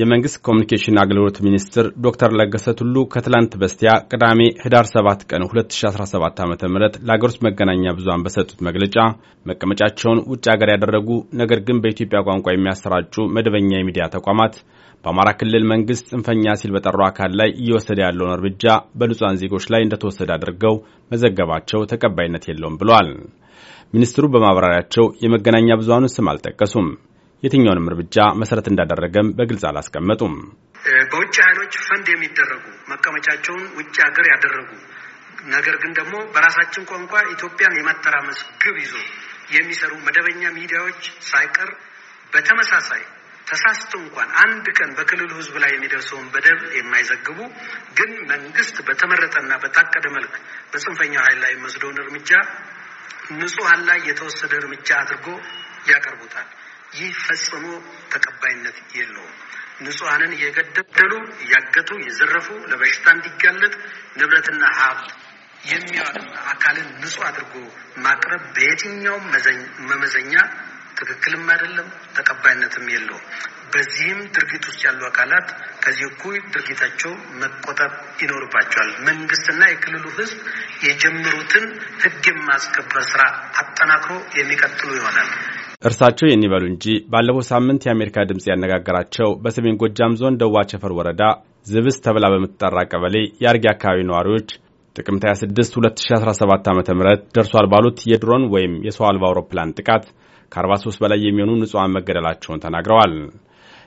የመንግስት ኮሚኒኬሽን አገልግሎት ሚኒስትር ዶክተር ለገሰ ቱሉ ከትላንት በስቲያ ቅዳሜ ህዳር 7 ቀን 2017 ዓ ም ለአገር ውስጥ መገናኛ ብዙሃን በሰጡት መግለጫ መቀመጫቸውን ውጭ ሀገር ያደረጉ ነገር ግን በኢትዮጵያ ቋንቋ የሚያሰራጩ መደበኛ የሚዲያ ተቋማት በአማራ ክልል መንግስት ጽንፈኛ ሲል በጠራው አካል ላይ እየወሰደ ያለውን እርምጃ በንጹሐን ዜጎች ላይ እንደተወሰደ አድርገው መዘገባቸው ተቀባይነት የለውም ብለዋል። ሚኒስትሩ በማብራሪያቸው የመገናኛ ብዙሃኑን ስም አልጠቀሱም። የትኛውንም እርምጃ መሰረት እንዳደረገም በግልጽ አላስቀመጡም። በውጭ ኃይሎች ፈንድ የሚደረጉ መቀመጫቸውን ውጭ ሀገር ያደረጉ ነገር ግን ደግሞ በራሳችን ቋንቋ ኢትዮጵያን የማተራመስ ግብ ይዞ የሚሰሩ መደበኛ ሚዲያዎች ሳይቀር በተመሳሳይ ተሳስቶ እንኳን አንድ ቀን በክልሉ ሕዝብ ላይ የሚደርሰውን በደል የማይዘግቡ ግን መንግስት በተመረጠና በታቀደ መልክ በጽንፈኛው ኃይል ላይ የሚወስደውን እርምጃ ንጹሐን ላይ የተወሰደ እርምጃ አድርጎ ያቀርቡታል። ይህ ፈጽሞ ተቀባይነት የለውም። ንጹሐንን እየገደሉ እያገቱ፣ የዘረፉ ለበሽታ እንዲጋለጥ ንብረትና ሀብት የሚያወድም አካልን ንጹህ አድርጎ ማቅረብ በየትኛውም መመዘኛ ትክክልም አይደለም፣ ተቀባይነትም የለውም። በዚህም ድርጊት ውስጥ ያሉ አካላት ከዚህ እኩይ ድርጊታቸው መቆጠብ ይኖርባቸዋል። መንግስትና የክልሉ ህዝብ የጀመሩትን ህግ የማስከበር ስራ አጠናክሮ የሚቀጥሉ ይሆናል። እርሳቸው የኔ እንጂ ባለፈው ሳምንት የአሜሪካ ድምፅ ያነጋገራቸው በሰሜን ጎጃም ዞን ደዋ ቸፈር ወረዳ ዝብስ ተብላ በምትጠራ ቀበሌ የአርጌ አካባቢ ነዋሪዎች ጥቅምት 26 2017 ዓ ም ደርሷል ባሉት የድሮን ወይም የሰው አልባ አውሮፕላን ጥቃት ከ43 በላይ የሚሆኑ ንጹሐን መገደላቸውን ተናግረዋል።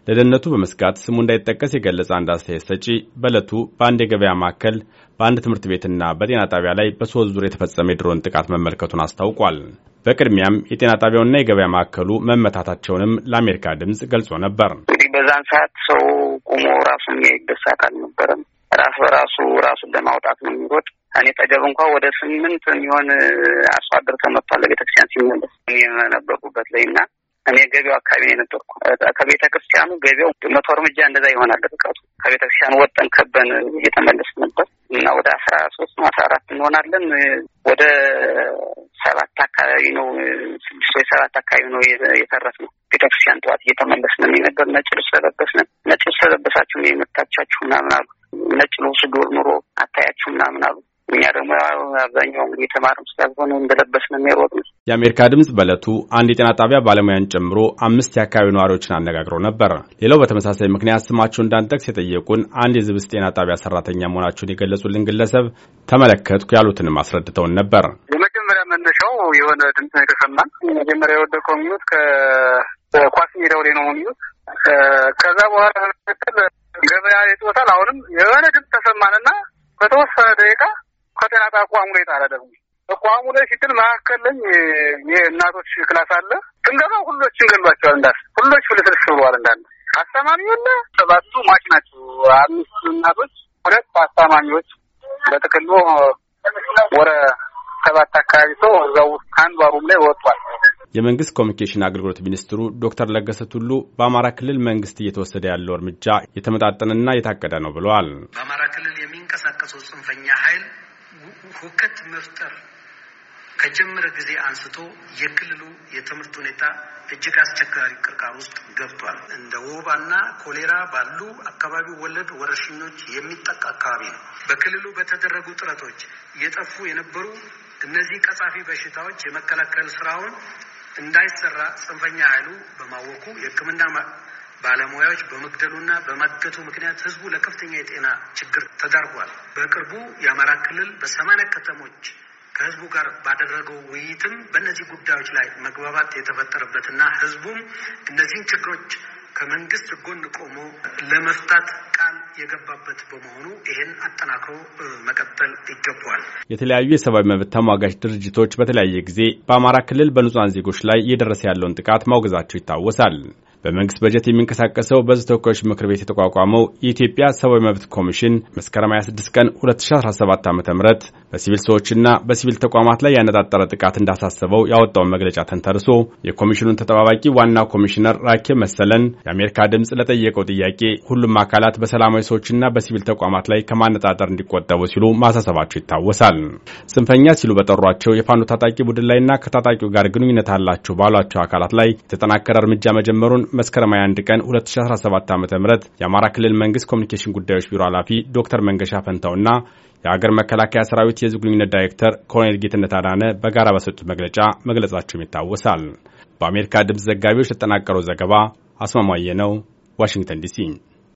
ለደህንነቱ በመስጋት ስሙ እንዳይጠቀስ የገለጸ አንድ አስተያየት ሰጪ በዕለቱ በአንድ የገበያ ማዕከል፣ በአንድ ትምህርት ቤትና በጤና ጣቢያ ላይ በሶስት ዙር የተፈጸመ የድሮን ጥቃት መመልከቱን አስታውቋል። በቅድሚያም የጤና ጣቢያውና የገበያ ማዕከሉ መመታታቸውንም ለአሜሪካ ድምፅ ገልጾ ነበር። እንግዲህ በዛን ሰዓት ሰው ቁሞ ራሱን የሚያይበት ሰዓት አልነበረም። ራስ በራሱ ራሱን ለማውጣት ነው የሚሮጥ። እኔ ጠገብ እንኳ ወደ ስምንት የሚሆን አርሶ አደር ተመቷል። ለቤተክርስቲያን ሲመለስ የመነበቁበት ላይ እና እኔ ገቢያው አካባቢ ነው የነበርኩ። ከቤተ ክርስቲያኑ ገቢያው መቶ እርምጃ እንደዛ ይሆናል ርቀቱ። ከቤተ ክርስቲያኑ ወጠን ከበን እየተመለስ ነበር እና ወደ አስራ ሶስት አስራ አራት እንሆናለን ወደ ሰባት አካባቢ ነው ስድስት ወይ ሰባት አካባቢ ነው የተረት ነው። ቤተክርስቲያን ጠዋት እየተመለስ ነው የነበር ነጭ ልብስ ነው ነጭ ልብስ ተለበሳችሁ ነው የመታቻችሁ ምናምን አሉ። ነጭ ልብሱ ዶር ኑሮ አታያችሁ ምናምን አሉ። እኛ ደግሞ አብዛኛው የተማርም ስላልሆነ እንደለበስ ነው የሮጥነው። የአሜሪካ ድምጽ በእለቱ አንድ የጤና ጣቢያ ባለሙያን ጨምሮ አምስት የአካባቢ ነዋሪዎችን አነጋግረው ነበር። ሌላው በተመሳሳይ ምክንያት ስማቸው እንዳንጠቅስ የጠየቁን አንድ የዝብስ ጤና ጣቢያ ሰራተኛ መሆናቸውን የገለጹልን ግለሰብ ተመለከትኩ ያሉትንም አስረድተውን ነበር። መነሻው የሆነ ድምፅ ነው የተሰማን። መጀመሪያ የወደቀው የሚሉት ከኳስ ሜዳው ላይ ነው የሚሉት። ከዛ በኋላ በመቀጠል ገበያ ይጦታል። አሁንም የሆነ ድምፅ ተሰማንና በተወሰነ ደቂቃ ከጤና ጣቋሙ ላይ ጣለ። ደግሞ ተቋሙ ላይ ሲጥል መካከል ለኝ የእናቶች ክላስ አለ። ስንገባ ሁሎችን ገሏቸዋል። እንዳል ሁሎች ፍልስልስ ብሏል። እንዳለ አስተማሚው እና ሰባቱ ማች ናቸው። አምስቱ እናቶች፣ ሁለት አስተማሚዎች በጥቅሉ ወረ ሰባት አካባቢ ሰው እዛው ውስጥ አንዷ ሩም ላይ ወጥቷል። የመንግስት ኮሚኒኬሽን አገልግሎት ሚኒስትሩ ዶክተር ለገሰ ቱሉ በአማራ ክልል መንግስት እየተወሰደ ያለው እርምጃ የተመጣጠነና የታቀደ ነው ብለዋል። በአማራ ክልል የሚንቀሳቀሰው ጽንፈኛ ኃይል ሁከት መፍጠር ከጀመረ ጊዜ አንስቶ የክልሉ የትምህርት ሁኔታ እጅግ አስቸጋሪ ቅርቃር ውስጥ ገብቷል። እንደ ወባና ኮሌራ ባሉ አካባቢ ወለድ ወረርሽኞች የሚጠቃ አካባቢ ነው። በክልሉ በተደረጉ ጥረቶች እየጠፉ የነበሩ እነዚህ ቀጻፊ በሽታዎች የመከላከል ስራውን እንዳይሰራ ጽንፈኛ ኃይሉ በማወቁ የሕክምና ባለሙያዎች በመግደሉና በማገቱ ምክንያት ህዝቡ ለከፍተኛ የጤና ችግር ተዳርጓል። በቅርቡ የአማራ ክልል በሰማንያ ከተሞች ከህዝቡ ጋር ባደረገው ውይይትም በእነዚህ ጉዳዮች ላይ መግባባት የተፈጠረበትና ህዝቡም እነዚህን ችግሮች ከመንግስት ጎን ቆሞ ለመፍታት ቃል የገባበት በመሆኑ ይህን አጠናክሮ መቀጠል ይገባዋል። የተለያዩ የሰብአዊ መብት ተሟጋች ድርጅቶች በተለያየ ጊዜ በአማራ ክልል በንጹሐን ዜጎች ላይ እየደረሰ ያለውን ጥቃት ማውገዛቸው ይታወሳል። በመንግስት በጀት የሚንቀሳቀሰው በሕዝብ ተወካዮች ምክር ቤት የተቋቋመው የኢትዮጵያ ሰብአዊ መብት ኮሚሽን መስከረም 26 ቀን 2017 ዓ ም በሲቪል ሰዎችና በሲቪል ተቋማት ላይ ያነጣጠረ ጥቃት እንዳሳሰበው ያወጣውን መግለጫ ተንተርሶ የኮሚሽኑን ተጠባባቂ ዋና ኮሚሽነር ራኬብ መሰለን የአሜሪካ ድምፅ ለጠየቀው ጥያቄ ሁሉም አካላት በሰላማዊ ሰዎችና በሲቪል ተቋማት ላይ ከማነጣጠር እንዲቆጠቡ ሲሉ ማሳሰባቸው ይታወሳል። ጽንፈኛ ሲሉ በጠሯቸው የፋኖ ታጣቂ ቡድን ላይና ከታጣቂው ጋር ግንኙነት አላችሁ ባሏቸው አካላት ላይ የተጠናከረ እርምጃ መጀመሩን መስከረም 21 ቀን 2017 ዓ ም የአማራ ክልል መንግስት ኮሚኒኬሽን ጉዳዮች ቢሮ ኃላፊ ዶክተር መንገሻ ፈንታውና የአገር መከላከያ ሰራዊት የህዝብ ግንኙነት ዳይሬክተር ኮሎኔል ጌትነት አዳነ በጋራ በሰጡት መግለጫ መግለጻቸውም ይታወሳል። በአሜሪካ ድምፅ ዘጋቢዎች ለተጠናቀረው ዘገባ አስማማየ ነው፣ ዋሽንግተን ዲሲ